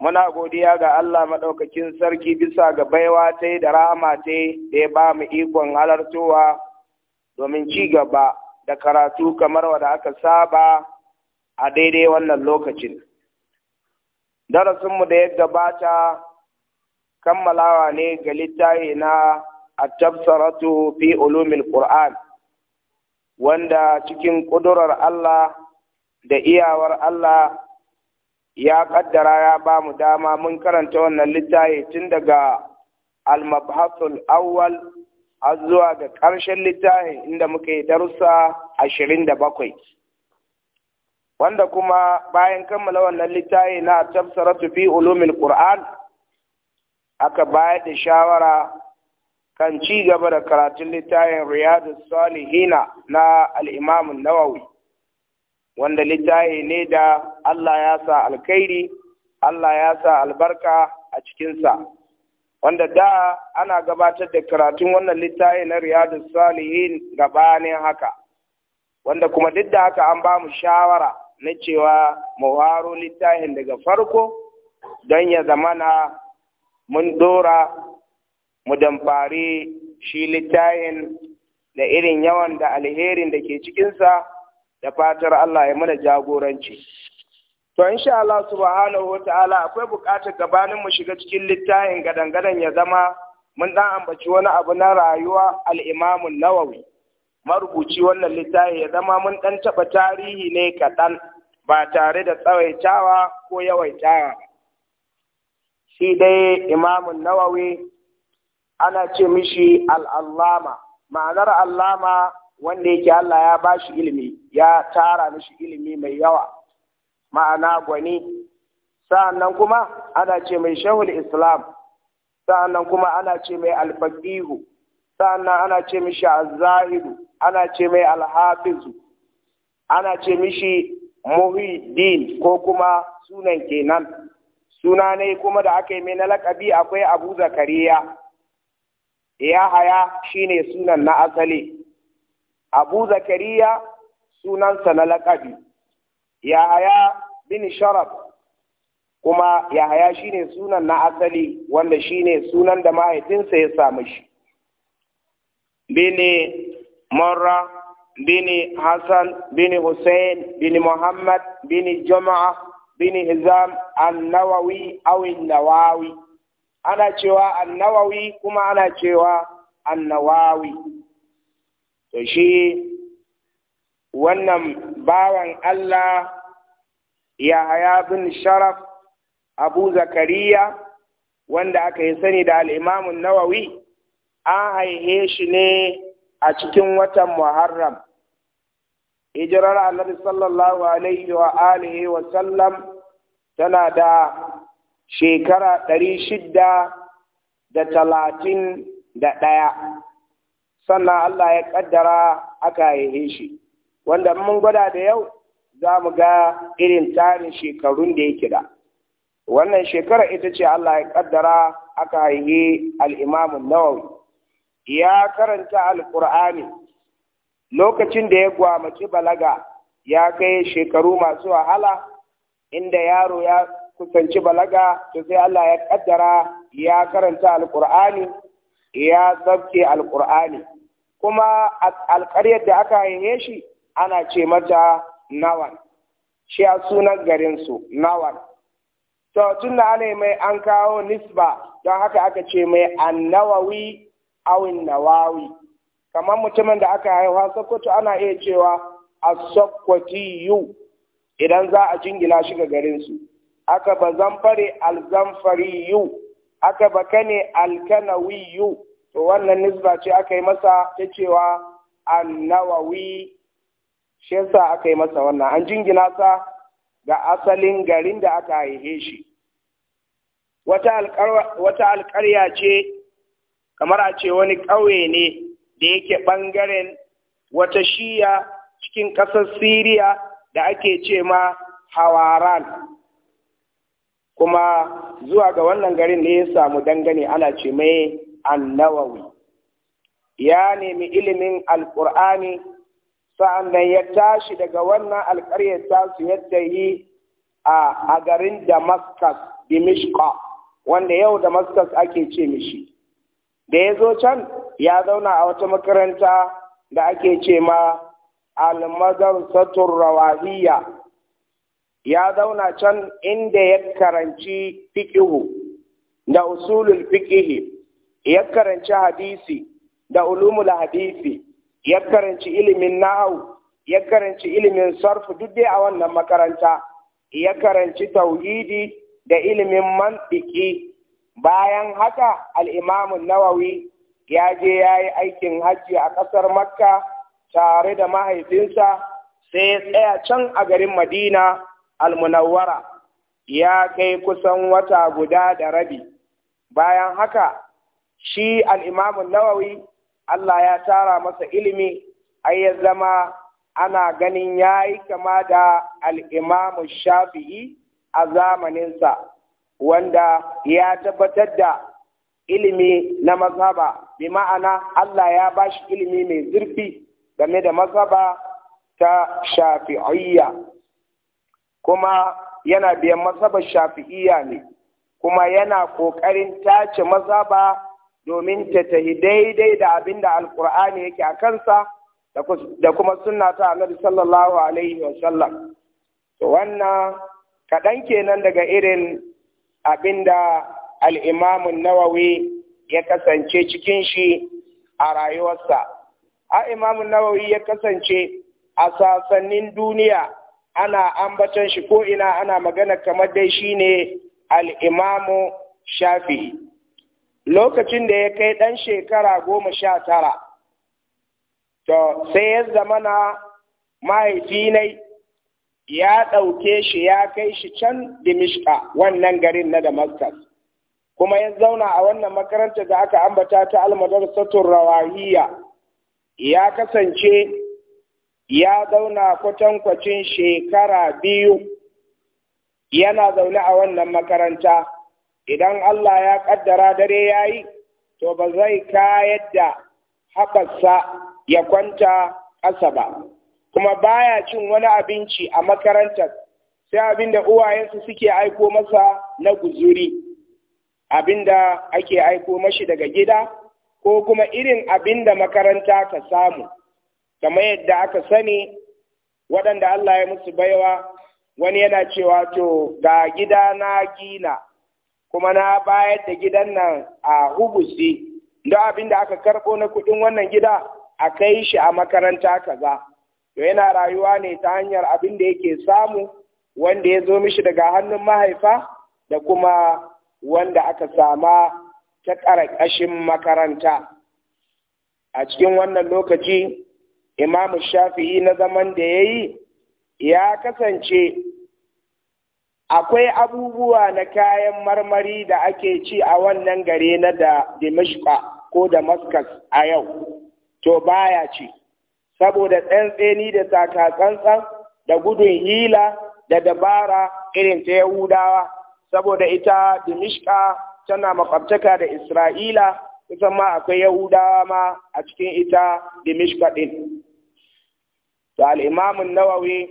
muna godiya ga Allah maɗaukakin sarki bisa ga baiwa ta da rama ta da ya ba mu ikon halartowa domin ci gaba da karatu kamar wanda aka saba a daidai wannan lokacin. Darasinmu da ya gabata kammalawa ne ga littafi na a tafsaratu fi Ulumin Qur'an wanda cikin ƙudurar Allah da iyawar Allah ya kaddara ya ba mu dama mun karanta wannan littafi tun daga al-mabhasul awwal har zuwa ga ƙarshen littafi inda muke darussa ashirin da bakwai wanda kuma bayan kammala wannan littafi na tafsiratu fi ulumil qur'an aka bayar da shawara kan ci gaba da karatun littafin riyadus salihina na al-imam an-nawawi wanda littafi ne da Allah ya sa alkhairi Allah ya sa albarka a cikinsa wanda da ana gabatar da karatun wannan littafin na riyadu salihin gabanin haka wanda kuma duk da haka an ba mu shawara na cewa mu haro littafin daga farko don ya zamana mun dora mu damfari shi littafin da irin yawan da alherin da ke cikinsa da fatar Allah ya mana jagoranci to insha Allah subhanahu ta'ala akwai buƙatar gabanin mu shiga cikin littafin gadan ya zama mun ɗan ambaci wani abu na rayuwa al nawawi marubuci wannan littafi ya zama mun ɗan taɓa tarihi ne kaɗan ba tare da tsawaitawa ko yawaitawa shi dai imamun nawawi ana ce mishi al'allama ma'anar allama wanda yake Allah ya ba shi ilimi ya tara mishi ilimi mai yawa ma'ana gwani sa'annan kuma ana ce mai shahul islam sa'annan kuma ana ce mai alfaqihu sa'annan ana ce mishi azzahidu ana ce mai alhafizu ana ce mishi muhiddin ko kuma sunan kenan suna ne kuma da aka yi mai na lakabi akwai abu zakariya ya haya shine sunan na asali abu zakariya sunansa na laƙabi yahaya bin sharaf kuma yahaya shine sunan na asali wanda shine sunan da mahaifinsa ya samu shi bini marra bini hassan bini hussein bini muhammad bini jama'a bini hizam annawawi awin nawawi ana cewa annawawi kuma ana cewa annawawi to shi wannan bawan Allah Yahaya bin Sharaf Abu Zakariya wanda aka yi sani da al'imamun Nawawi an haihe shi ne a cikin watan Muharram. Hijirar Annabi sallallahu Alaihi wa alihi wa sallam tana da shekara ɗari shidda da talatin da ɗaya. sannan Allah ya ƙaddara aka haihe shi wanda mun gwada da yau za mu ga irin tarin shekarun da yake da wannan shekara ita ce Allah ya ƙaddara aka haihe al-Imam Nawawi ya karanta al lokacin da ya gwamaci balaga ya kai shekaru masu wahala inda yaro ya kusanci balaga to sai Allah ya ƙaddara ya karanta alkur'ani ya sabke alkur'ani kuma alƙaryar da aka haihe shi ana ce mata nawan shi a sunan garinsu nawan to tun da ana mai an kawo nisba don haka aka ce mai annawawi awin nawawi kamar mutumin da aka haihuwa sokoto ana iya cewa a yu idan za a jingina shi ga garinsu aka ba zamfare yu. aka ba kane yu. to wannan nisba ce aka yi masa ta cewa annawawi shi sa aka yi masa wannan an jingina sa ga asalin garin da aka haife shi wata alƙarya ce kamar a ce wani ƙauye ne da yake ɓangaren wata shiya cikin ƙasar siriya da ake ce ma hawaran kuma zuwa ga wannan garin ne ya samu dangane ana ce mai annawawi ya nemi ilimin alƙur'ani sa'annan ya tashi daga wannan alƙaryar tasu yadda yi a garin damascus dimishka wanda yau damascus ake ce mishi da ya zo can ya zauna a wata makaranta da ake ce ma almadarsatur rawahiyya ya zauna can inda ya karanci fiƙihu da usulul fiƙihu. ya karanci hadisi da ulumul hadisi ya karanci ilimin nahau ya karanci ilimin sarfu duk dai a wannan makaranta ya karanci tauhidi da ilimin mantiki bayan haka al al'imamun nawawi ya je ya yi aikin hajji a ƙasar makka tare da mahaifinsa sai ya tsaya can a garin madina al-munawwara ya kai kusan wata guda da rabi bayan haka shi al’imamu nawawi Allah ya tara masa ilimi ai ya zama ana ganin ya yi kama da al’imamu shafi'i a zamaninsa wanda ya tabbatar da ilimi na mazhaba bi ma'ana Allah ya ba shi ilimi mai zurfi game da mazhaba ta shafi'iyya kuma yana biyan mazhabar shafi'iyya ne kuma yana ƙoƙarin tace mazhaba domin ta tahi daidai da abin da alkur'ani yake a kansa da kuma sunna ta annabi sallallahu alaihi wa sallam to wannan kaɗan kenan daga irin abin da al'imamun nawawi ya kasance cikin shi a rayuwarsa a imamun nawawi ya kasance a sasannin duniya ana ambatan shi ko ana magana kamar dai shine al'imamu shafi'i lokacin da ya kai ɗan shekara goma sha tara to sai ya zamana mahaifi ya ɗauke shi ya kai shi can dimishka wannan garin na damascus kuma ya zauna a wannan makaranta da aka ambata ta almadarsatun rawahiya ya kasance ya zauna kwatankwacin shekara biyu yana zaune a wannan makaranta idan Allah ya ƙaddara dare ya yi, to ba zai kayar da haɓarsa ya kwanta ƙasa ba, kuma baya cin wani abinci a makarantar, sai abin da uwayensu suke aiko masa na guzuri, abin da ake aiko mashi daga gida, ko kuma irin abin da makaranta ka samu, kamar yadda aka sani waɗanda Allah ya musu baiwa, wani yana cewa to ga gida na gina. kuma na bayar da gidan nan a hubusi don abin da aka karɓo na kuɗin wannan gida a kai shi a makaranta kaza to yana rayuwa ne ta hanyar abin da yake samu wanda ya zo mishi daga hannun mahaifa da kuma wanda aka sama ta ƙarƙashin makaranta a cikin wannan lokaci imam shafi'i na zaman da ya yi ya kasance akwai abubuwa na kayan marmari da ake ci a wannan gare na da Dimishka ko Damascus a yau, to baya ci, saboda tsantseni da takatsantsan da gudun hila da dabara irin ta Yahudawa, saboda ita Dimishka tana makwabtaka da Isra'ila, kusan ma akwai Yahudawa ma a cikin ita Dimishka ɗin. To al'imamin Nawawi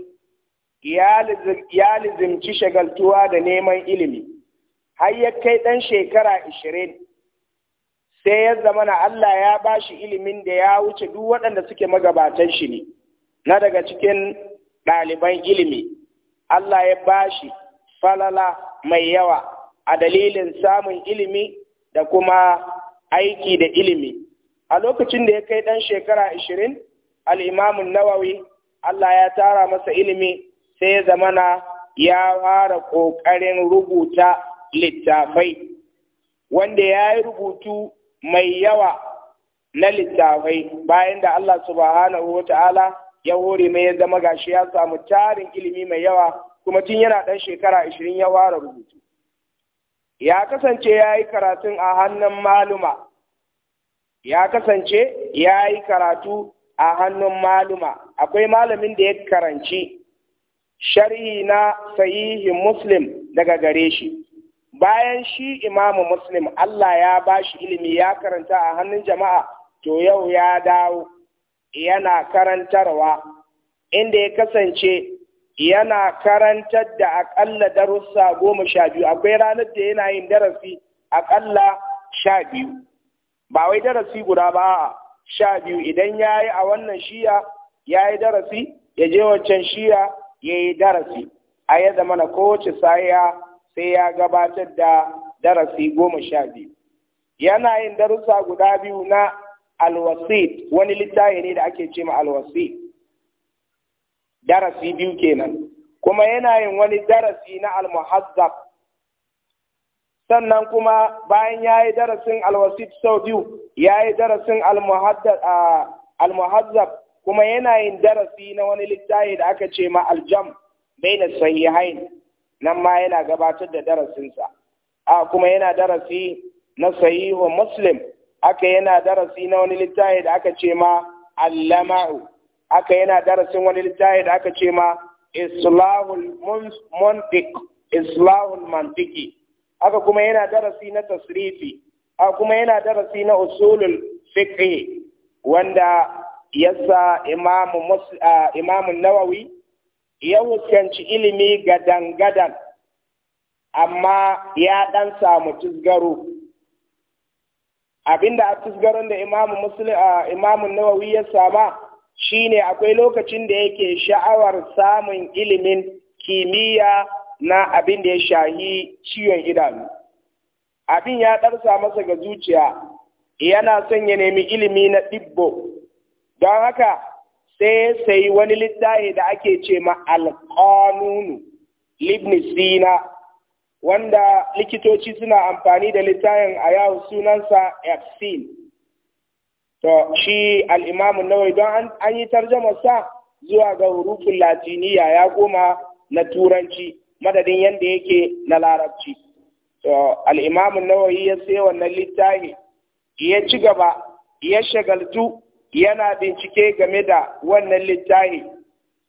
ya lizimci shagaltuwa da neman ilimi har ya kai ɗan shekara ashirin sai ya zama na Allah ya ba shi ilimin da ya wuce duk waɗanda suke magabatan shi ne na daga cikin ɗaliban ilimi Allah ya ba shi falala mai yawa a dalilin samun ilimi da kuma aiki da ilimi a lokacin da ya kai ɗan shekara ashirin al'imamun nawawi Allah ya tara masa ilimi sai zamana ya fara ƙoƙarin rubuta littafai wanda ya yi rubutu mai yawa na littafai bayan da Allah subhanahu wa ta'ala ya hore mai ya zama gashi ya samu tarin ilimi mai yawa kuma tun yana ɗan shekara ashirin ya ware rubutu ya kasance ya yi karatun a hannun maluma ya kasance ya yi karatu a hannun maluma akwai malamin da ya karanci sharhi na sahihi muslim daga gare shi bayan shi imamu muslim Allah ya ba shi ilimi ya karanta a hannun jama'a to yau ya dawo yana karantarwa inda ya kasance yana karantar da akalla darussa goma sha biyu akwai ranar da yana yin darasi akalla sha biyu ba wai darasi guda ba sha biyu idan ya yi a wannan shiya ya yi darasi ya je wancan shiya ya yi darasi a yadda mana kowace saya sai ya gabatar da darasi goma sha biyu yana yin darussa guda biyu na alwasit wani littafi ne da ake ce ma alwasit darasi biyu kenan kuma yana yin wani darasi na almuhazzab sannan kuma bayan ya yi darasin alwasit sau biyu ya yi darasin ah, almuhazzab kuma yana yin darasi na wani littafi da aka ce ma aljam bai na sahihain nan ma yana gabatar da darasinsa a kuma yana darasi na sahihu muslim aka yana darasi na wani littafi da aka ce ma allama'u aka yana darasin wani littafi da aka ce ma islahul muntiq islahul mantiki aka kuma yana darasi na tasrifi aka kuma yana darasi na usulul fiqh wanda yasa imamu nawawi ya huskanci ilimi gadan-gadan amma ya ɗan samu tusgaro abinda a tusgaron da imamu nawawi ya sama shine akwai lokacin da yake sha'awar samun ilimin kimiyya na abin da ya shahi ciwon idanu abin ya ɗarsa masa ga zuciya yana son ya nemi ilimi na ɗibbo don haka sai sai wani littafi da ake ce ma alƙanunu libni wanda likitoci suna amfani da littafin a yawon sunansa epsin to shi al'imamun nawai don an yi sa zuwa ga hurufin latiniya ya goma na turanci madadin yadda yake na larabci to al'imamun nawai ya sai wannan littafi ya ci gaba ya shagaltu yana bincike game da wannan littafi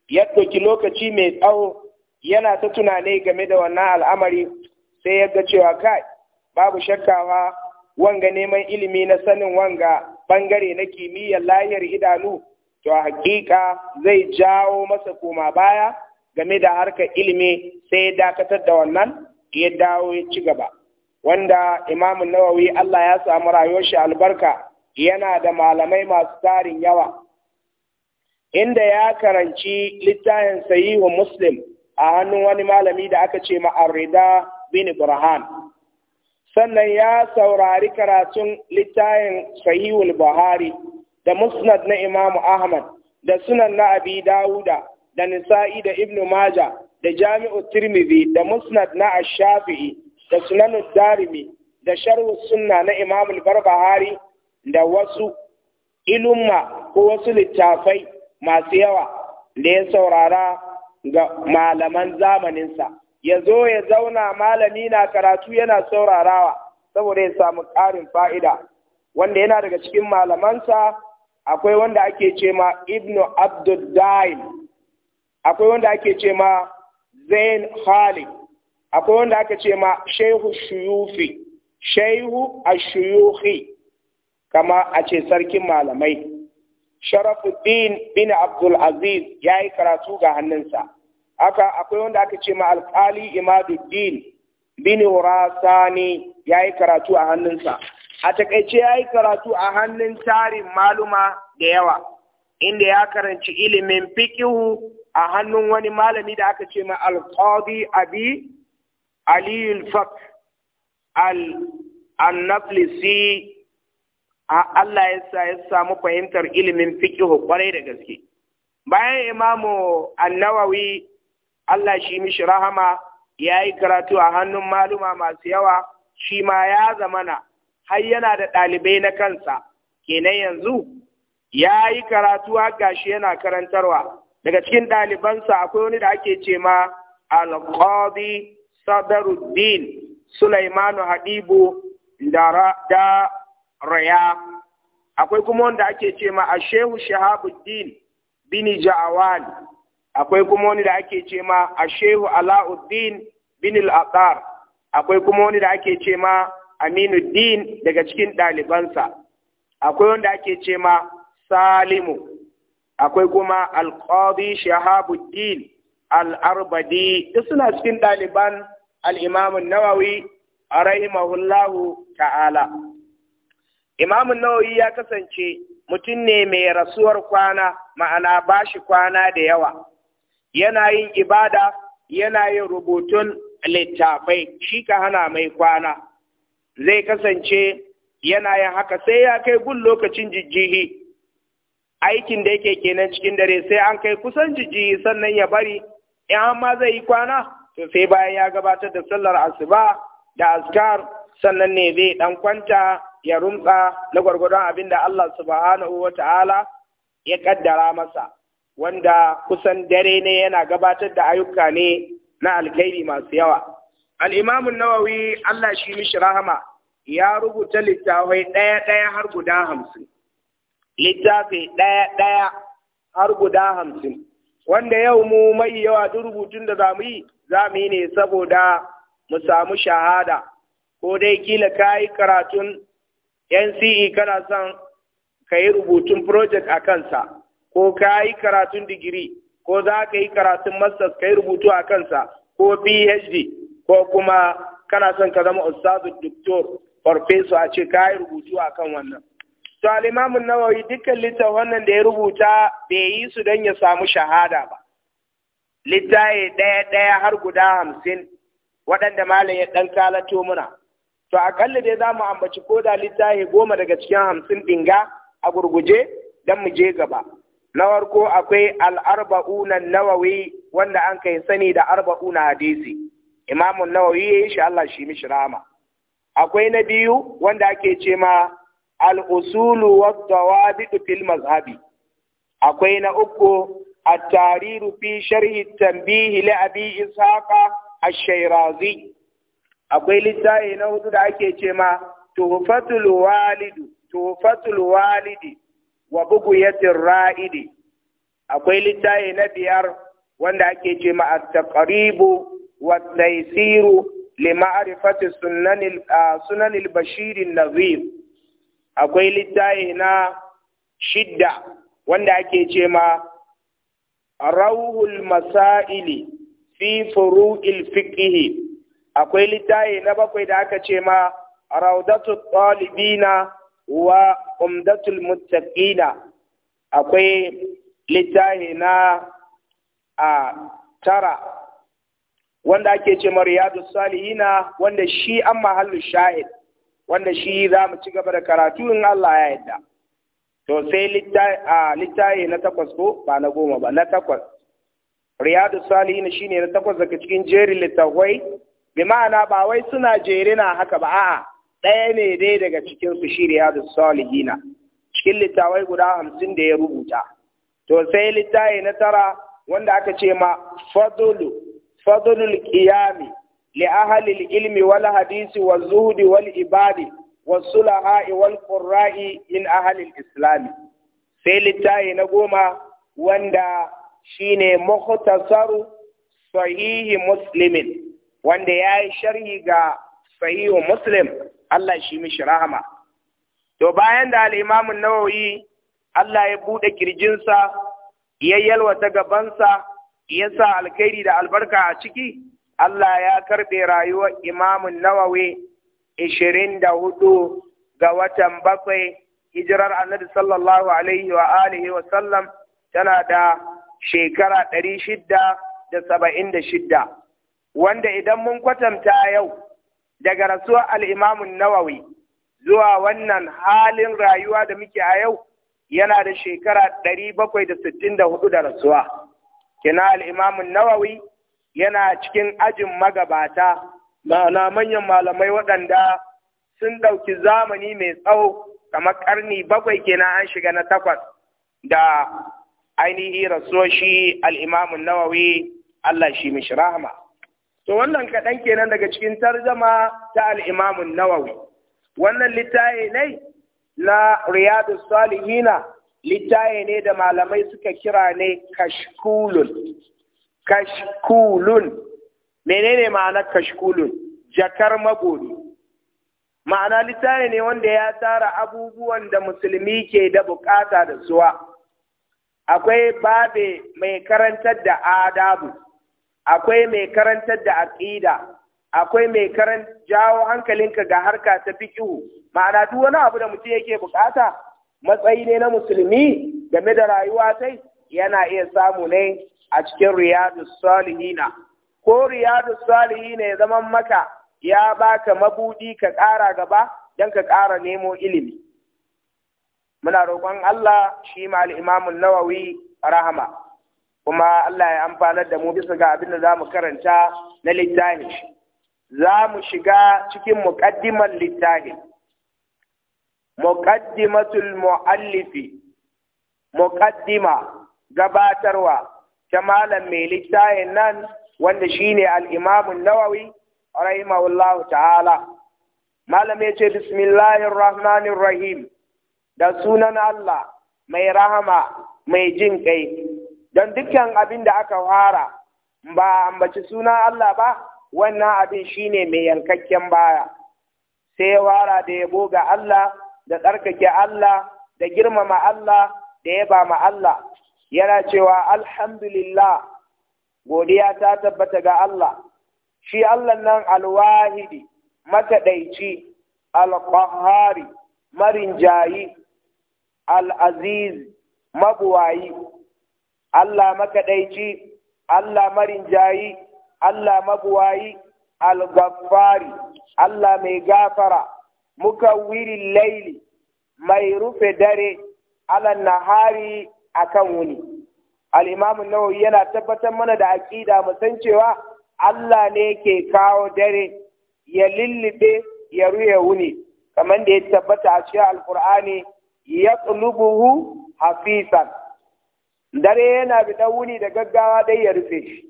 ya ɗauki lokaci mai tsawo yana ta tunane game da wannan al'amari sai ya ga cewa kai babu shakkawa wanga neman ilimi na sanin wanga bangare na kimiyyar lahiyar idanu to a hakika zai jawo masa koma baya game da harkar ilimi sai ya dakatar da wannan ya dawo ya ci gaba wanda imamu nawawi Allah ya samu rayuwar shi albarka yana da malamai masu tarin yawa inda ya karanci littafin sahihu muslim a hannun wani malami da aka ce ma'arida bin burhan sannan ya saurari karatun littafin sahihul buhari da musnad na imamu ahmad da sunan na abi dawuda da nisa'i da ibnu maja da jami'u tirmidhi da musnad na ash da sunan darimi da sharh sunna na imamu al-barbahari da wasu ilumma ko wasu littafai masu yawa da ya saurara ga malaman zamaninsa ya zo ya zauna malami na karatu yana saurarawa saboda ya samu ƙarin fa'ida wanda yana daga cikin malamansa akwai wanda ake ce ma ibnu abduddain akwai wanda ake ce ma zain khalid akwai wanda aka ce ma shehu shuyufi shehu ashuyuhi kama a ce sarkin malamai sharafuddin bin abdul aziz ya yi karatu ga hannunsa aka akwai wanda aka ce ma alkali imaduddin bin rasani ya yi karatu a hannunsa a takaice ya yi karatu a hannun tarin maluma da yawa inda ya karanci ilimin fikihu a hannun wani malami da aka ce ma abi aliyul fak al annaflisi Allah ya sa ya samu fahimtar ilimin fiqh kwarai da gaske bayan imamu annawawi Allah shi mishi rahama ya yi karatu a hannun maluma masu yawa shi ma ya zamana har yana da ɗalibai na kansa kenan yanzu ya yi karatu har shi yana karantarwa daga cikin ɗalibansa akwai wani da ake ce ma alqadi sadaruddin sulaimanu hadibu da raya akwai kuma wanda ake ce ma a shehu shahabuddin bini ja'awan akwai kuma wani da ake ce ma a shehu ala'uddin bin al'aqar akwai kuma wani da ake ce ma aminuddin daga cikin ɗalibansa akwai wanda ake ce ma salimu akwai kuma alƙobi shahabuddin al'arbadi duk suna cikin ɗaliban al'imamun nawawi a rahimahullahu ta'ala Imam Nawawi ya kasance mutum ne mai rasuwar kwana, ma'ana ba shi kwana da yawa. Yana yin ibada, yana yin rubutun littafai, shi ka hana mai kwana. Zai kasance yana yin haka sai ya kai gun lokacin jijjihi. Aikin da yake kenan cikin dare sai an kai kusan jijjihi sannan ya bari, in an ma zai yi kwana, to sai bayan ya gabatar da sallar asuba da askar sannan ne zai dan kwanta ya rumtsa na gwargwadon abin da Allah subhanahu wa ta'ala ya kaddara masa, wanda kusan dare ne yana gabatar da ayyuka ne na alkhairi masu yawa. Al'imamun Nawawi Allah shi mishi rahama ya rubuta littafai ɗaya-ɗaya har guda hamsin. Littafi ɗaya-ɗaya har guda hamsin. Wanda yau mu mai yawa duk rubutun da za mu yi, za mu yi ne saboda mu samu shahada, ko dai kila ka yi karatun NCE kana son ka yi rubutun project a kansa ko ka yi karatun digiri ko za ka yi karatun masters ka yi rubutu a kansa ko PhD ko kuma kana son ka zama ustazu doctor Farfeso a ce ka yi rubutu a kan wannan. To alimamin nawawi dukkan littafin wannan da ya rubuta bai yi su don ya samu shahada ba. Littaye ɗaya ɗaya har guda hamsin waɗanda malam ya ɗan kalato muna. to a akalla dai za mu ambaci ko da littafi goma daga cikin hamsin ɗinga a gurguje don mu je gaba na farko akwai al'arba'una nawawi wanda an kai sani da arba'una hadisi imamun nawawi ya yi shi Allah shi mishi rama akwai na biyu wanda ake ce ma al'usulu wa dawabidu fil mazhabi akwai na uku at-tariru fi sharhi tanbihi li abi ishaqa ash-shayrazi akwai littafi na hudu da ake ce ma tuhfatul walidu tuhfatul walidi wa bughyatir ra'idi akwai littafi na biyar wanda ake ce ma at-taqribu wa taysiru li ma'rifati sunanil sunanil bashir nazir akwai littafi na shidda wanda ake ce ma rawhul masaili fi furu'il fiqhi akwai littafi na bakwai da aka ce ma raudatu talibina wa umdatul muttaqina akwai littafi na a tara wanda ake ce ma riyadu salihina wanda shi an mahallu shahid wanda shi za mu ci gaba da karatu in Allah ya yarda to sai littafi na takwas ko ba na goma ba na takwas riyadu salihina shine na takwas daga cikin jerin littafai bi ma'ana ba wai suna jere na haka ba a'a ɗaya ne dai daga cikin su shirya da salihina cikin littawai guda hamsin da ya rubuta to sai littafi na tara wanda aka ce ma fadlu fadlul qiyami li ahli ilmi wal hadisi wal zuhdi wal ibadi wal sulaha wal qurra'i in ahli islam sai littafi na goma wanda shine mukhtasaru sahihi muslimin wanda ya yi sharhi ga sahihu muslim Allah shi mishi rahama to bayan da al'imamun nawawi Allah ya buɗe ƙirjinsa, ya yalwata gabansa ya sa alkhairi da albarka a ciki Allah ya karɓe rayuwar imamun nawawi ishirin da hudu ga watan bakwai hijirar annabi sallallahu alaihi wa alihi wa sallam tana da shekara ɗari shidda da saba'in da shidda wanda idan mun kwatanta yau daga rasuwar al’imamu nawawi zuwa wannan halin rayuwa da muke a yau yana da shekara ɗari bakwai da sittin da hudu da rasuwa. Kina al’imamu nawawi yana cikin ajin magabata ma'ana manyan malamai waɗanda sun ɗauki zamani mai tsawo kamar ƙarni bakwai kenan an shiga na takwas da ainihi rasuwa shi al’imamu nawawi Allah shi mishi rahama. to wannan kaɗan kenan daga cikin tarjama ta al'imamun nawawi wannan littaye ne na riyadu salihina littaye ne da malamai suka kira ne kashkulun kashkulun menene ma'ana kashkulun jakar magori ma'ana littaye ne wanda ya tara abubuwan da musulmi ke da bukata da zuwa. akwai babe mai karantar da adabu akwai mai karantar da aqida akwai mai karan jawo hankalinka ga harka ta fiqhu ma'ana duk wani abu da mutum yake bukata matsayi ne na musulmi game da rayuwa sai yana iya samu ne a cikin riyadus salihina ko riyadus salihina ya zama maka ya baka mabudi ka ƙara gaba dan ka ƙara nemo ilimi muna roƙon Allah shi ma al-Imam nawawi rahama kuma Allah ya amfanar da mu bisa ga abin da za mu karanta na littafi za mu shiga cikin muƙaddimar littafi muƙaddimatul mu'allifi muƙaddima gabatarwa ta malam mai littafin nan wanda shine al-Imam nawawi rahimahullahu ta'ala malam ya ce bismillahir rahmanir rahim da sunan Allah mai rahama mai jin kai don dukkan abin da aka fara ba ambaci suna Allah ba wannan abin shine mai yankakken baya sai ya fara da yabo ga Allah da tsarkake Allah da girmama Allah da yaba ma Allah yana cewa alhamdulillah godiya ta tabbata ga Allah shi Allah nan alwahidi mataɗaici alqahari marinjayi al'aziz mabuwayi Allah makaɗaici, Allah marinjayi, Allah mabuwayi, al-gaffari, Allah mai gafara, wiri laili, mai rufe dare, alan nahari akan wuni. Al'imamu Nawawi yana tabbatar mana da aƙida musan cewa Allah ne ke kawo dare, ya lullube, ya ruya wuni, kamar da ya tabbata a cikin Alƙur'ani, ya hafisan. dare yana biɗan wuri da gaggawa don ya rufe shi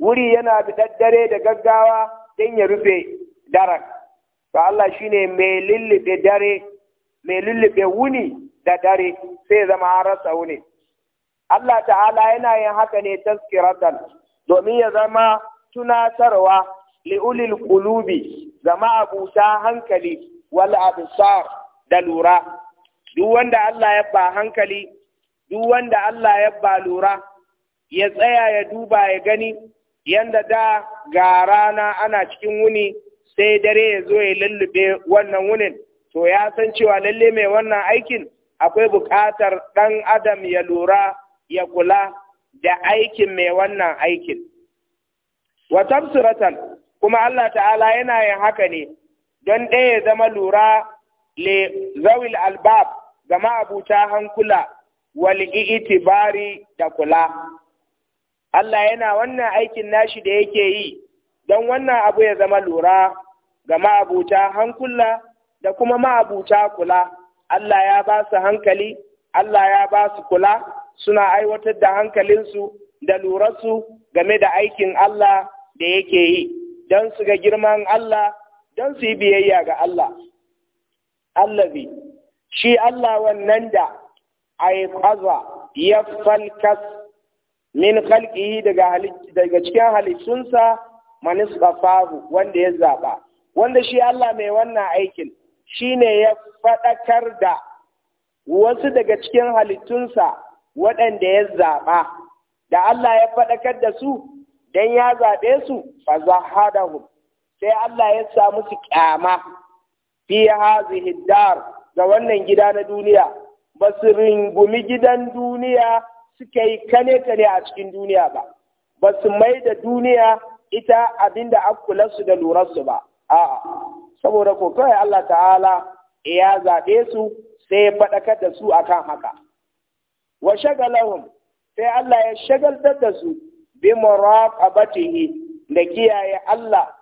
wuri yana biɗan dare da gaggawa don ya rufe daren to Allah shine mai lullube dare mai lullube wuni da dare sai zama an wuni Allah ta'ala yana yin haka ne taskiratan domin ya zama tunatarwa li'ulil qulubi zama abuta hankali wal absar da lura duk wanda Allah ya ba hankali duk wanda Allah ya ba lura ya tsaya ya duba ya gani yanda da ga rana ana cikin wuni sai dare ya zo ya lullube wannan wunin to ya san cewa lalle mai wannan aikin akwai buƙatar ɗan adam ya lura ya kula da aikin mai wannan aikin wa tafsiratan kuma Allah ta'ala yana yin haka ne don ɗaya ya zama lura le zawil albab ga ma'abuta hankula wal itibari da kula Allah yana wannan aikin nashi da yake yi don wannan abu ya zama lura ga ma'abuta hankula da kuma ma'abuta kula Allah ya ba su hankali Allah ya ba su kula suna aiwatar da hankalinsu da lurarsu game da aikin Allah da yake yi don su ga girman Allah don su yi biyayya ga Allah. Allazi, shi Allah wannan da aiqaza ya falkas min khalqihi daga daga cikin halittunsa man isqafahu wanda ya zaba wanda shi Allah mai wannan aikin shine ya fadakar da wasu daga cikin halittunsa waɗanda ya zaba da Allah ya fadakar da su dan ya zabe su fa zahadahu sai Allah ya sa musu kyama fi hazihi dar ga wannan gida na duniya ba su ringumi gidan duniya suka yi kane-kane a cikin duniya ba, ba su mai da duniya ita abin da akulansu da lurarsu ba, a'a, saboda ko kawai Allah ta'ala ya zaɓe su sai ya faɗakar da su akan haka. Wa shagalahum sai Allah ya shagaltar da su bi muraqabatihi da kiyaye Allah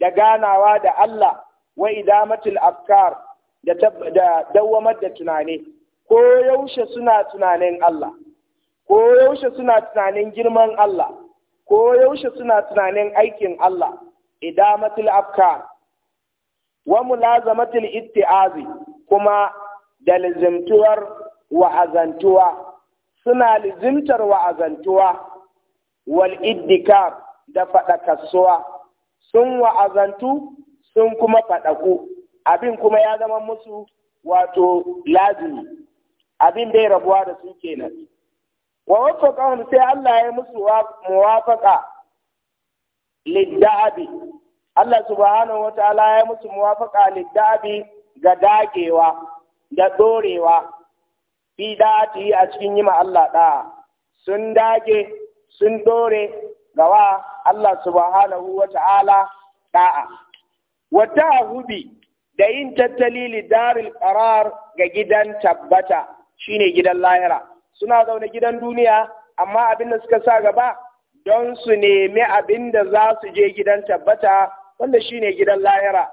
da ganawa da Allah wa idamatul afkar da dawamar da tunani. ko yaushe suna tunanin Allah ko yaushe suna tunanin girman Allah ko yaushe suna tunanin aikin Allah idamatul afkar wa mulazamatul itti'azi kuma da lizimtuwar wa'azantuwa suna lizimtar wa'azantuwa wal iddikar da faɗakassuwa sun wa'azantu sun kuma faɗaku abin kuma ya zama musu wato lazimi abin da ya rabuwa da su kenan wa wafaqa sai Allah ya musu muwafaka lidda'abi Allah subhanahu ala ya musu muwafaka lidda'abi ga dagewa da dorewa fi da'ati a cikin yima Allah da sun dage sun dore gawa Allah subhanahu wataala da'a wata hubi da yin tattali lidaril qarar ga gidan tabbata shine gidan lahira suna zaune gidan duniya amma abin da suka sa gaba don su nemi abin da za su je gidan tabbata wanda shine gidan lahira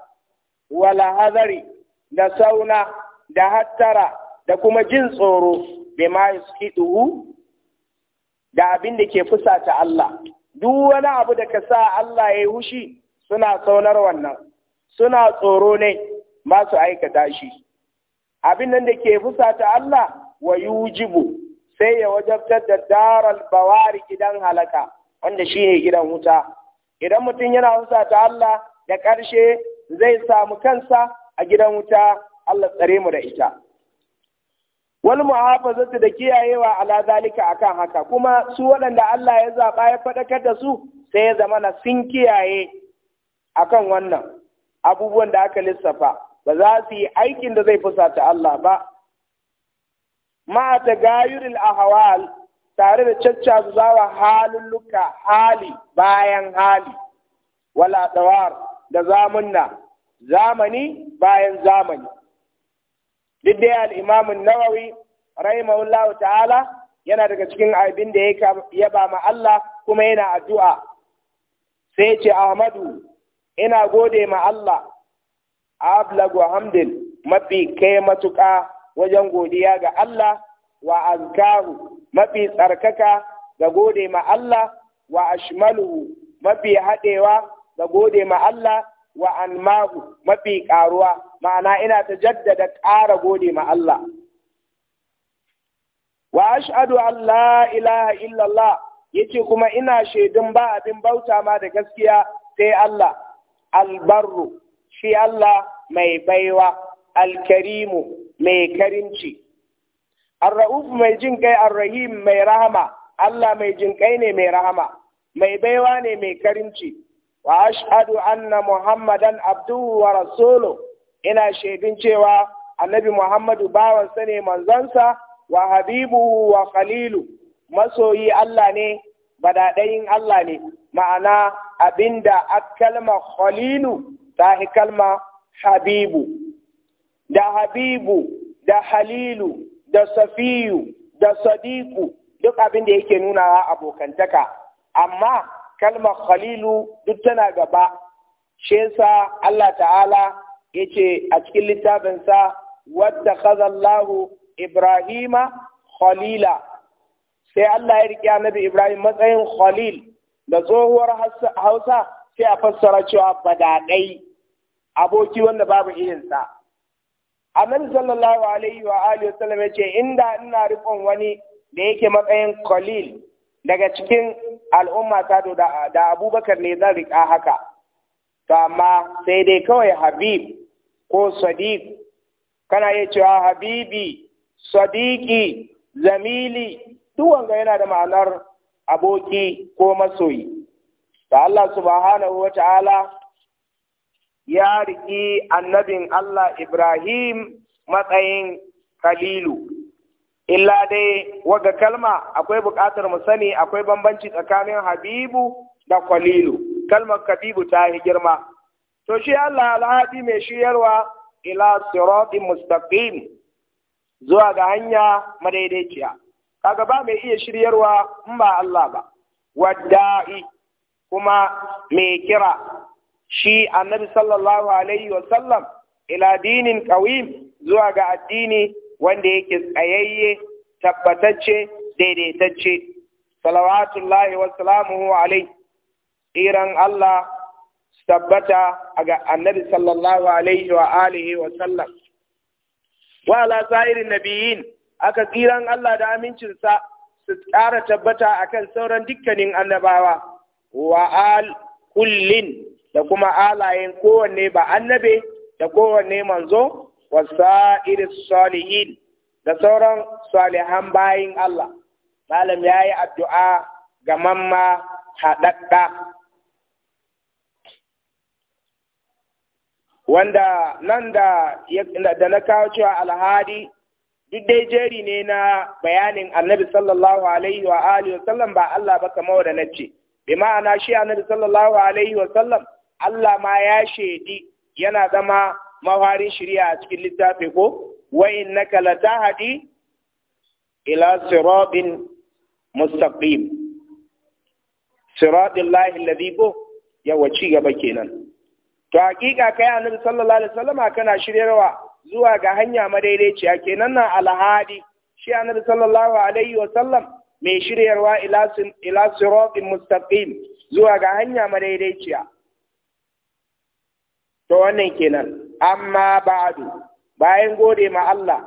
wala hazari da sauna da hattara da kuma jin tsoro bima yuskiduhu da abin da ke fusata Allah duk wani abu da ka sa Allah ya yi hushi suna saunar wannan suna tsoro ne masu aikata shi abin nan da ke fusata Allah wa yujibu sai ya wajabtar da daral bawari gidan halaka wanda shi ne gidan wuta idan mutum yana fusata Allah da ƙarshe zai samu kansa a gidan wuta Allah tsare mu da ita wal muhafazatu da kiyayewa ala zalika akan haka kuma su waɗanda Allah ya zaba ya faɗakar da su sai ya zama na sun kiyaye akan wannan abubuwan da aka lissafa ba za su yi aikin da zai fusata Allah ba ma ta gayuril ahwal tare da cacca su zawa halulluka hali bayan hali wala tsawar da zamunna zamani bayan zamani duk Alimamin Nawawi, rai an-nawawi ta'ala yana daga cikin abin da ya ba ma Allah kuma yana addu'a sai ce Ahmadu ina gode ma Allah ablagu hamdin mafi kai matuƙa wajen godiya ga Allah wa azkahu mafi tsarkaka ga gode ma Allah wa ashmaluhu mafi haɗewa ga gode ma Allah wa anmahu mafi ƙaruwa ma'ana ina ta jaddada ƙara gode ma Allah wa ashadu allah ilaha illallah yace kuma ina shaidun ba abin bauta ma da gaskiya sai Allah albarru shi Allah mai baiwa alkarimu mai karimci arra'uf mai jin kai arrahim mai rahama Allah mai jin kai ne mai rahama mai baiwa ne mai karimci wa ashhadu anna muhammadan abduhu wa ina shaidin cewa annabi muhammadu bawansa ne manzansa wa habibuhu wa khalilu masoyi Allah ne badaɗayin Allah ne ma'ana abinda akalma khalilu ta kalma habibu da habibu da halilu da safiyu da sadiku duk abin da yake nunawa abokantaka amma kalmar khalilu duk tana gaba shi yasa Allah ta'ala yace a cikin littafin littafinsa wadda khazallahu ibrahima khalila sai Allah ya riƙe annabi ibrahim matsayin khalil da tsohuwar hausa sai a fassara cewa badaɗai aboki wanda babu irinsa annabi sallallahu alaihi wa alihi sallam yace inda ina riƙon wani da yake matsayin kalil daga cikin al'umma ta da, da abubakar ne zan riƙa haka to amma sai dai kawai habib ko sadiq kana iya cewa habibi Sadiqi, zamili duk wanga yana da ma'anar aboki ko masoyi da Allah subhanahu wa ta'ala ya riƙi annabin Allah Ibrahim matsayin kalilu Illa dai waga kalma akwai buƙatar mu sani akwai bambanci tsakanin Habibu da Khalilu. Kalmar Habibu ta yi girma. To shi Allah alhaɗi mai shiryarwa ila siratin mustaqim zuwa ga hanya madaidaiciya. Kaga ba mai iya shiryarwa in ba Allah ba. Wadda'i kuma mai kira shi annabi sallallahu alaihi wa sallam ila dinin kawim zuwa ga addini wanda yake tsayayye tabbatacce daidaitacce salawatullahi wa salamu alaihi iran Allah tabbata ga annabi sallallahu alaihi wa alihi wa sallam wa ala sa'irin nabiyin aka tsiran Allah da amincinsa su ƙara tabbata akan sauran dukkanin annabawa wa al kullin da kuma alayen kowanne ba annabe da kowanne manzo wasa'ir salihin da sauran salihan bayin Allah malam ya yi addu'a ga mamma haɗaɗɗa wanda nan da na kawo cewa alhadi duk dai jeri ne na bayanin annabi sallallahu alaihi wa alihi wa sallam ba Allah ba kamar na ce, bi ma'ana shi annabi sallallahu alaihi wa sallam Allah ma ya shaidi yana zama mafarin shari'a a cikin littafi ko wa innaka tahdi ila siratin mustaqim siratil lahi alladhi bu ya ci gaba kenan to hakika kai annabi sallallahu alaihi wasallama kana shiryarwa zuwa ga hanya madaidaiciya kenan nan alhadi shi annabi sallallahu alaihi wasallam mai shiryarwa ila ila siratin mustaqim zuwa ga hanya madaidaiciya to wannan kenan amma ba'du bayan gode ma Allah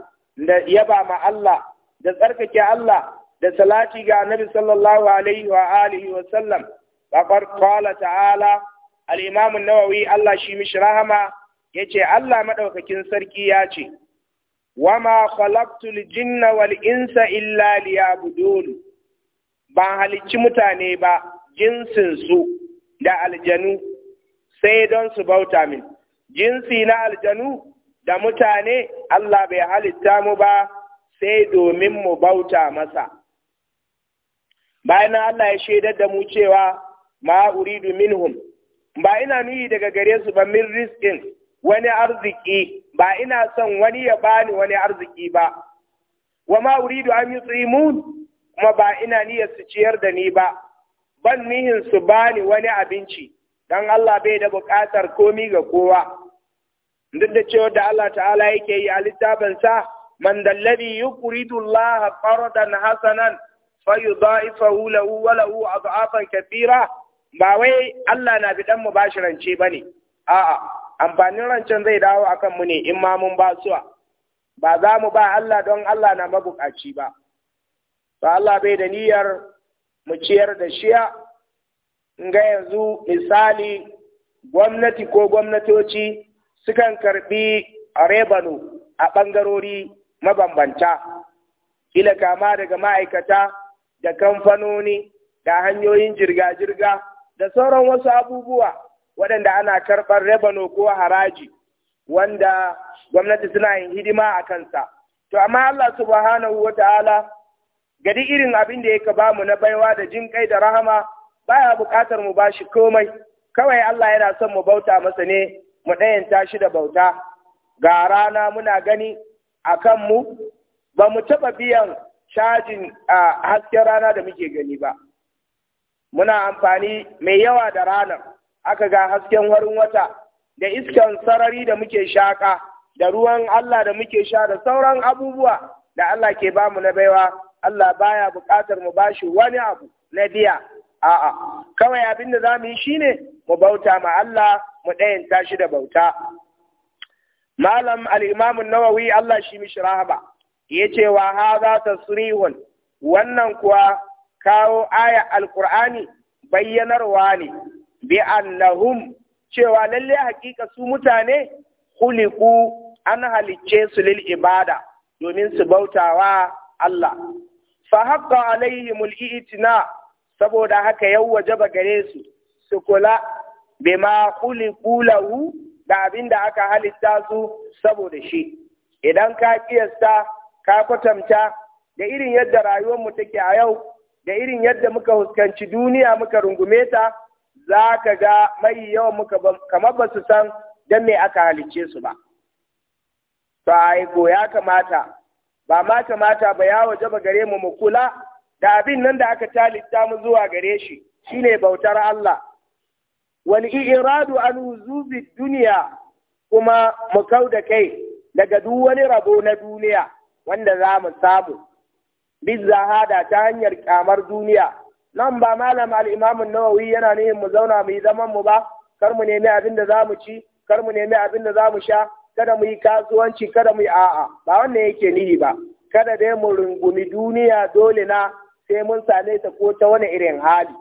da yaba ma Allah da tsarkake Allah da salati ga Annabi sallallahu alaihi wa alihi wa sallam faqad qala ta'ala al-imam an-nawawi Allah shi mishi rahama yace Allah madaukakin sarki ya ce wama khalaqtul jinna wal insa illa liya'budun ban halicci mutane ba jinsin su da aljanu sai don su bauta min jinsi na aljanu da mutane Allah bai halitta mu ba sai domin mu bauta masa bayan Allah ya shaidar da mu cewa ma uridu minhum ba ina nuyi daga gare su ba min riskin wani arziki ba ina son wani ya bani wani arziki ba wa ma uridu an yutsimun kuma ba ina niyyar su ciyar da ni ba ban nihin su bani wani abinci dan Allah bai da buƙatar komi ga kowa duk da cewa da Allah ta'ala yake yi a sa, man dallabi yukuridu Allah qardan hasanan fayudha'ifahu lahu wa lahu adhafan kathira ba wai Allah na dan mu bashi rance bane a'a amfanin rancen zai dawo akan mu ne in ma mun ba suwa ba za mu ba Allah don Allah na mabukaci ba to Allah bai da niyyar mu ciyar da shiya nga ga yanzu misali gwamnati ko gwamnatoci sukan karbi rebanu a ɓangarori mabambanta, kila kama daga ma'aikata da kamfanoni da hanyoyin jirga-jirga da sauran wasu abubuwa waɗanda ana karɓar rebano ko haraji wanda gwamnati suna yin hidima a kansa. To, amma Allah subhanahu wa ta'ala gadi irin abin da yake ba mu na baiwa da jin kai da rahama baya buƙatar mu bashi komai, kawai Allah yana son mu bauta masa ne mu ɗayanta shi da bauta ga rana muna gani a kanmu ba mu taɓa biyan cajin a hasken rana da muke gani ba muna amfani mai yawa da ranar aka ga hasken warin wata da iskan sarari da muke shaƙa da ruwan Allah da muke sha da sauran abubuwa da Allah ke bamu na baiwa Allah baya buƙatar mu ba shi wani abu na biya a'a kawai abin da za mu yi shine mu bauta ma Allah mu ɗayanta shi da bauta malam al'imamin nawawi Allah shi mishi rahaba cewa wa ta surihun wannan kuwa kawo aya al bayyanarwa ne bi annahum cewa lalle hakika su mutane khuliqu an halicce su lil ibada domin su bautawa Allah fa haqqa alaihimul i'tina saboda haka yau ba gare su su kula bima khuliqu lahu da abin da aka halitta su saboda shi idan ka kiyasta ka kwatanta da irin yadda rayuwar mu take a yau da irin yadda muka huskanci duniya muka rungume ta za ka ga mai yawan muka kamar ba su san don me aka halicce su ba. Sai go ya kamata, ba ma kamata ba ya waje ba gare mu mu kula da abin nan da aka talitta mu zuwa gare shi shine bautar Allah wal iradu an huzubi duniya kuma mu kau da kai daga duk wani rabo na duniya wanda za mu samu bizahada ta hanyar kyamar duniya nan ba malam al-imam nawawi yana nihin mu zauna mu yi zaman mu ba kar mu nemi abin da mu ci kar mu nemi abin da zamu sha kada mu yi kasuwanci kada mu yi a'a ba wanda yake nihi ba kada dai mu rungumi duniya dole na sai mun same ta ko ta wani irin hali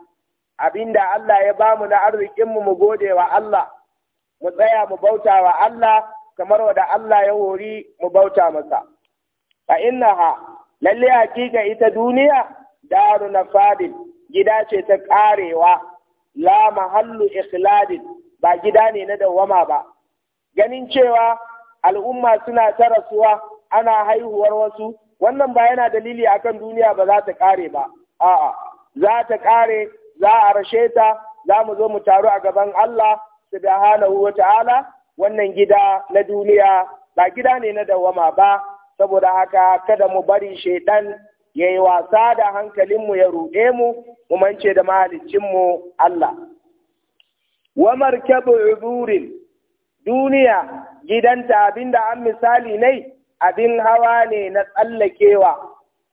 abinda Allah ya bamu na arzikinmu mu gode wa Allah mu tsaya mu bauta wa Allah kamar wada Allah ya hori mu bauta masa fa ha, lalle hakika ita duniya daru na fadil gida ce ta karewa la mahallu ikhladin ba gida ne na dawwama ba ganin cewa al'umma suna ta rasuwa ana haihuwar wasu wannan ba yana dalili akan duniya ba za ta kare ba a'a za ta kare za a rashe ta za mu zo mu taru a gaban Allah subhanahu wa ta'ala wannan gida na duniya ba gida ne na dawama ba saboda haka kada mu bari shaitan ya yi wasa da hankalinmu ya ruɗe mu mu mance da mu Allah wa markabu uburin duniya gidanta abinda an misali ne abin hawa ne na tsallakewa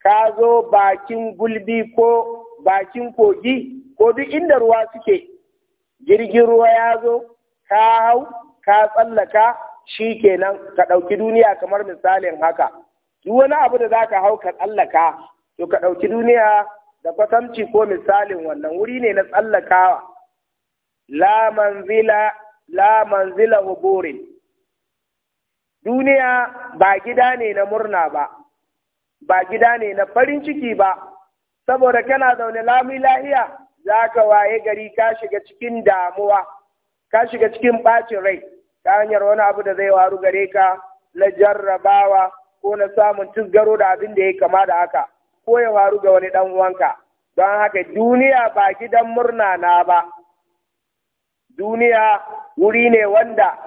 ka zo bakin gulbi ko bakin kogi ko duk inda ruwa suke jirgin ruwa ya zo ka hau ka tsallaka shi kenan ka ɗauki duniya kamar misalin haka duk wani abu da za ka hau ka tsallaka to ka ɗauki duniya da kwatamci ko misalin wannan wuri ne na tsallakawa la manzila la duniya ba gida ne na murna ba ba gida ne na farin ciki ba saboda kana zaune lami lahiya za ka waye gari ka shiga cikin damuwa ka shiga cikin ɓacin rai ta hanyar wani abu da zai waru gare ka na jarrabawa ko na samun tuzgaro da abin da ya kama da haka ko ya waru ga wani dan uwanka don haka duniya ba gidan murna na ba duniya wuri ne wanda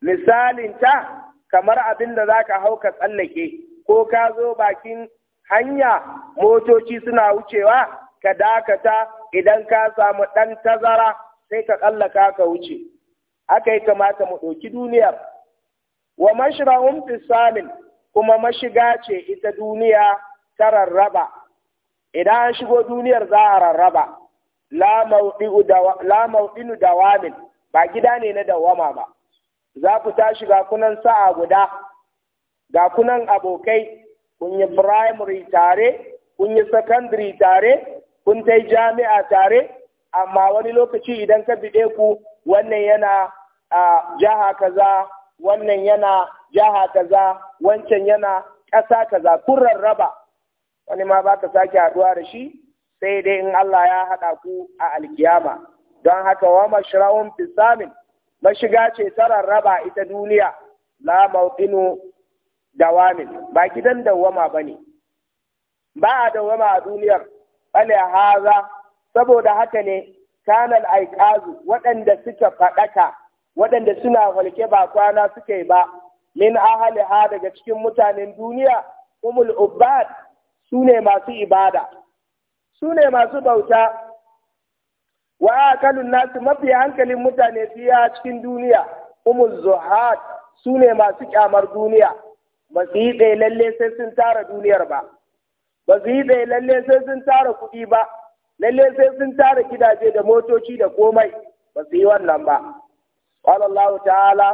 misalin ta kamar abin da za ka hau ka tsallake ko ka zo bakin hanya motoci suna wucewa ka dakata idan ka samu ɗan tazara sai ka tsallaka ka wuce akai ya kamata mu ɗauki duniyar wa mashra'un fisamin kuma mashiga ce ita duniya ta rarraba idan an shigo duniyar za a rarraba la mauɗinu dawamin ba gida ne na dawama ba za ku tashi ga kunan sa'a guda ga kunan abokai kun yi primary tare kun yi secondary tare kun ta jami'a tare amma wani lokaci idan ka bide ku wannan yana a jaha kaza wannan yana jaha kaza wancan yana ƙasa kaza kun rarraba wani ma ba ka sake haɗuwa da shi sai dai in Allah ya haɗa ku a alkiyama don haka wa mashrawun fisamin mashiga ce ta rarraba ita duniya la mawqinu dawamin ba gidan dawama ba ne ba a dawama a duniyar bale haza saboda haka ne kanal aikazu waɗanda suka faɗaka waɗanda suna walke ba kwana suka yi ba min ha daga cikin mutanen duniya umul ubbad su ne masu ibada su ne masu bauta wa akalun nasu mafi hankalin mutane fiya cikin duniya umul zuhad su ne masu kyamar duniya ba su yi tsaye lalle sai sun tara duniyar ba ba su yi tsaye lalle sai sun tara kuɗi ba lalle sai sun tara gidaje da motoci da komai ba su yi wannan ba Ƙwallon ta'ala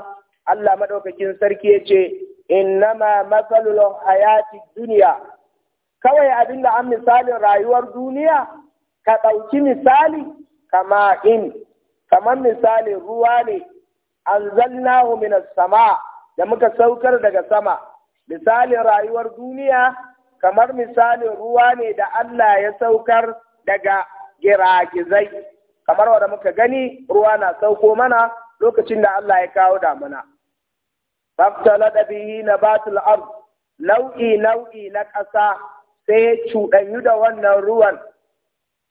Allah maɗaukakin sarki yace innama matsalolin hayati duniya. kawai abin da an misalin rayuwar duniya ka ɗauki misali kama in kamar misalin ruwa ne anzalnahu minas sama da muka saukar daga sama misalin rayuwar duniya kamar misalin ruwa ne da Allah ya saukar daga giragizai kamar wanda muka gani ruwa na sauko mana lokacin da Allah ya kawo damuna faftala da bihi nabatul ard nau'i nau'i na ƙasa sai ya cuɗanyu da wannan ruwan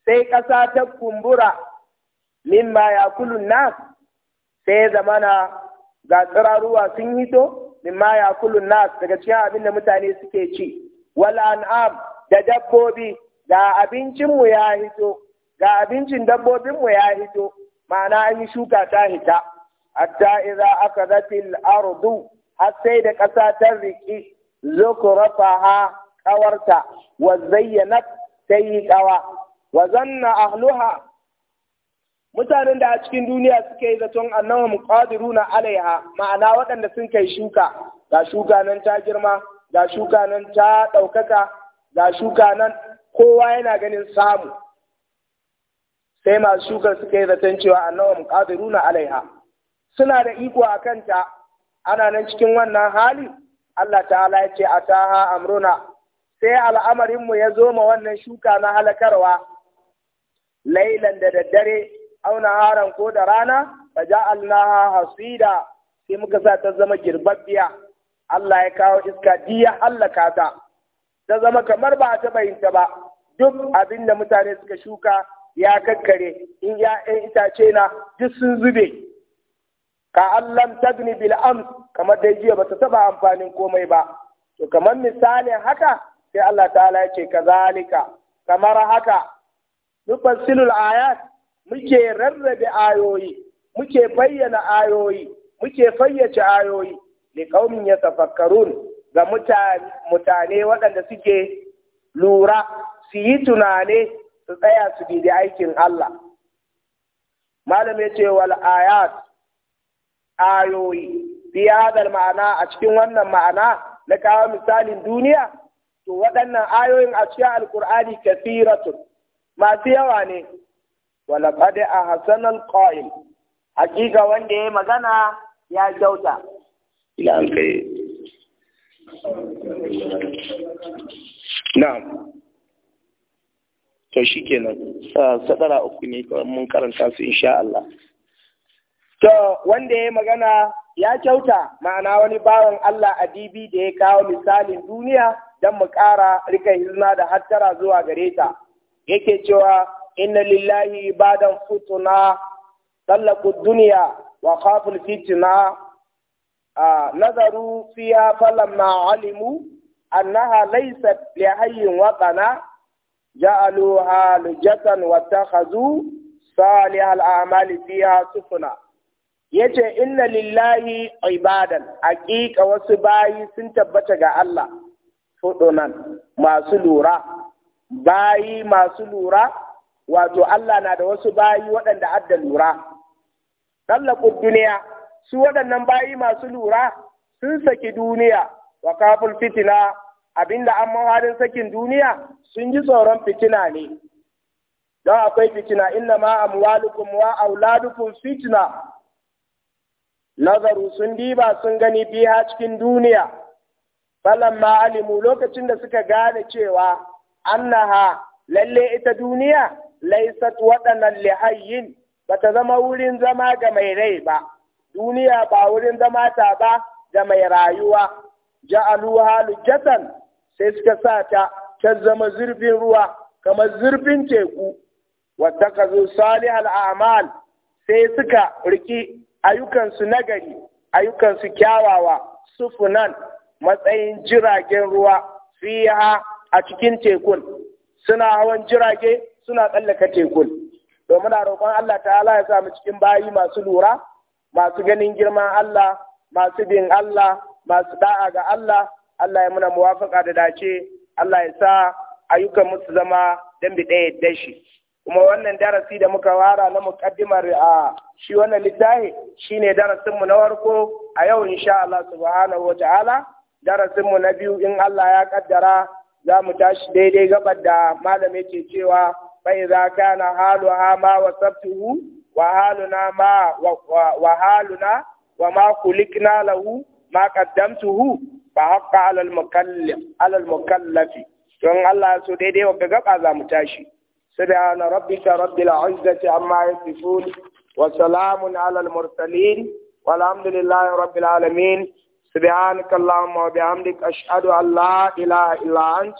sai ƙasa ta kumbura mimma ya kulun nas sai zamana ga ruwa sun hito mimma ya kullun nas daga cikin abin da mutane suke ci wal an'am da dabbobi ga abincin mu ya hito ga abincin dabbobin mu ya hito ma'ana an yi shuka ta hita hatta idza akadatil ardu har sai da ƙasa ta riƙi zukurafaha ƙawarta wa zayyanat ta yi ƙawa wa zanna ahluha mutanen da a cikin duniya suke yi zaton annahum na alaiha ma'ana waɗanda sun kai shuka ga shuka nan ta girma ga shuka nan ta ɗaukaka ga shuka nan kowa yana ganin samu sai masu shukar suka yi zaton cewa annahum qadiruna alaiha suna da iko a kanta ana nan cikin wannan hali Allah ta'ala ya ce taha amruna sai al'amarinmu ya zo ma wannan shuka na halakarwa lailan da daddare auna haran ko da rana fa ja'alnaha hasida sai muka sa ta zama girbabbiya Allah ya kawo iska diya hallaka ta ta zama kamar ba ta bayinta ba duk abin da mutane suka shuka ya kakkare in ya'yan itace na duk sun zube ka allam tagni bil'am" kamar dai jiya bata taba amfanin komai ba to kamar misalin haka sai Allah ta'ala ya ce kazalika kamar haka nufassilu ayat muke rarrabe ayoyi muke bayyana ayoyi muke fayyace ayoyi li qaumin yatafakkarun ga mutane mutane waɗanda suke lura su yi tunane su tsaya su bi aikin Allah malam yace wal ayat ayoyi bi ma'ana a cikin wannan ma'ana na kawo misalin duniya to waɗannan ayoyin a cikin alkur'ani kafiratun masu yawa ne a ahsana alqa'il hakika wanda yayi magana ya kyauta ila an kai na'am to nan. sadara uku ne mun karanta su insha Allah to wanda ya magana ya kyauta ma'ana wani bawan Allah adibi da ya kawo misalin duniya don mu ƙara rika hizna da hattara zuwa gare ta yake cewa إن لله عبادا فتنا طلقوا الدنيا وخافوا الفتنة آه نظروا فيها فلما علموا أنها ليست لحي وطنا جعلوها لجة واتخذوا صالح الأعمال فيها سفنا yace inna lillahi ibadan hakika wasu bayi sun tabbata ga Allah fudunan masu lura bayi masu lura wato Allah na da wasu bayi waɗanda adda lura tallaqud duniya su waɗannan bayi masu lura sun saki duniya wa kafin fitina abinda an mawarin sakin duniya sun ji tsoron fitina ne don akwai fitina inna ma amwalukum wa auladukum fitina nazaru sun diba sun gani biya cikin duniya ma alimu lokacin da suka gane cewa annaha lalle ita duniya laisat waɗannan lihayin ba ta zama wurin zama ga mai rai ba, duniya ba wurin zama ta ba ga mai rayuwa, ja'alu jatan sai suka sa ta ta zama zurfin ruwa kamar zurfin teku, wadda ka zo al amal sai suka riki ayyukansu nagari, ayyukansu kyawawa, sufunan matsayin jiragen ruwa fiha a cikin tekun, suna hawan jirage suna tsallaka tekun domin a roƙon Allah ta'ala ya samu cikin bayi masu lura masu ganin girman Allah masu bin Allah masu da'a ga Allah Allah ya muna muwafaka da dace Allah ya sa ayyukan musu zama dan bi ɗaya da shi kuma wannan darasi da muka wara na mukaddimar a shi wannan littafi shine darasin mu na farko a yau insha Allah subhanahu wa ta'ala darasin mu na biyu in Allah ya ƙaddara za mu tashi daidai gabar da malamai ke cewa فإذا كان حالها ما وصفته وحالنا ما وحالنا وما خلقنا له ما قدمته فحق على المكلف على المكلف don Allah so daidai wa gaba za mu tashi subhana rabbika rabbil izzati amma yasifun wa salamun ala al mursalin walhamdulillahi rabbil alamin subhanaka allahumma wa bihamdika ashhadu an la ilaha